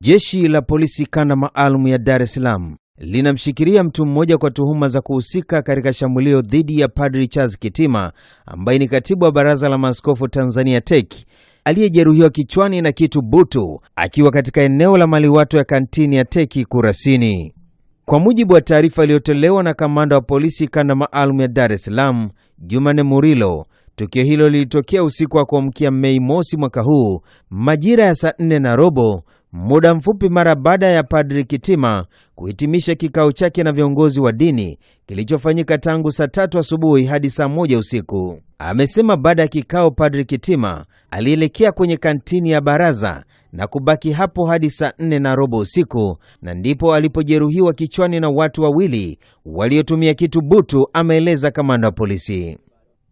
Jeshi la polisi kanda maalum ya Dar es Salaam linamshikilia mtu mmoja kwa tuhuma za kuhusika katika shambulio dhidi ya Padri Charles Kitima ambaye ni katibu wa Baraza la Maaskofu Tanzania TEC aliyejeruhiwa kichwani na kitu butu akiwa katika eneo la maliwato ya kantini ya TEC Kurasini. Kwa mujibu wa taarifa iliyotolewa na kamanda wa polisi kanda maalum ya Dar es Salaam, Jumane Murilo, tukio hilo lilitokea usiku wa kuamkia Mei mosi mwaka huu majira ya saa nne na robo Muda mfupi mara baada ya Padri Kitima kuhitimisha kikao chake na viongozi wa dini kilichofanyika tangu saa tatu asubuhi hadi saa moja usiku. Amesema baada ya kikao, Padri Kitima alielekea kwenye kantini ya baraza na kubaki hapo hadi saa nne na robo usiku, na ndipo alipojeruhiwa kichwani na watu wawili waliotumia kitu butu, ameeleza kamanda wa polisi.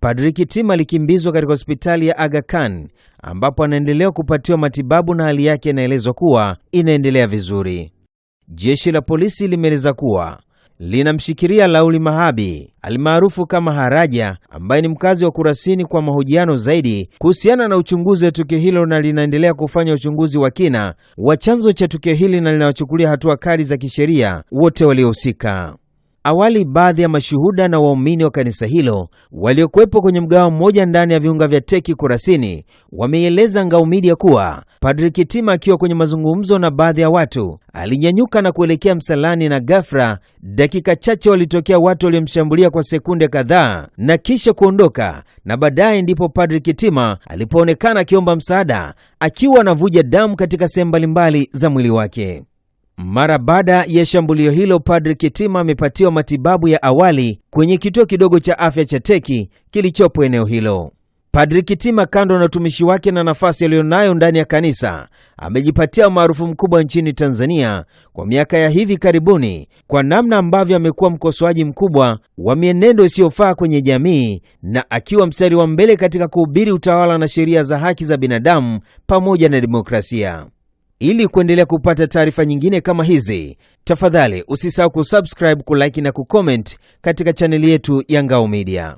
Padri Kitima alikimbizwa katika hospitali ya Aga Khan ambapo anaendelea kupatiwa matibabu na hali yake inaelezwa kuwa inaendelea vizuri. Jeshi la polisi limeeleza kuwa linamshikilia Lauli Mahabi almaarufu kama Haraja ambaye ni mkazi wa Kurasini kwa mahojiano zaidi kuhusiana na uchunguzi wa tukio hilo na linaendelea kufanya uchunguzi wa kina wa chanzo cha tukio hili na linawachukulia hatua kali za kisheria wote waliohusika. Awali baadhi ya mashuhuda na waumini wa kanisa hilo waliokuwepo kwenye mgawa mmoja ndani ya viunga vya Teki Kurasini wameieleza Ngao Media kuwa Padri Kitima akiwa kwenye mazungumzo na baadhi ya watu alinyanyuka na kuelekea msalani, na ghafla dakika chache walitokea watu waliomshambulia kwa sekunde kadhaa na kisha kuondoka, na baadaye ndipo Padri Kitima alipoonekana akiomba msaada akiwa anavuja damu katika sehemu mbalimbali za mwili wake. Mara baada ya shambulio hilo, Padri Kitima amepatiwa matibabu ya awali kwenye kituo kidogo cha afya cha Teki kilichopo eneo hilo. Padri Kitima, kando na utumishi wake na nafasi aliyonayo ndani ya kanisa, amejipatia umaarufu mkubwa nchini Tanzania kwa miaka ya hivi karibuni kwa namna ambavyo amekuwa mkosoaji mkubwa wa mienendo isiyofaa kwenye jamii na akiwa mstari wa mbele katika kuhubiri utawala na sheria za haki za binadamu pamoja na demokrasia. Ili kuendelea kupata taarifa nyingine kama hizi, tafadhali usisahau kusubscribe, kulike na kucomment katika chaneli yetu ya Ngao Media.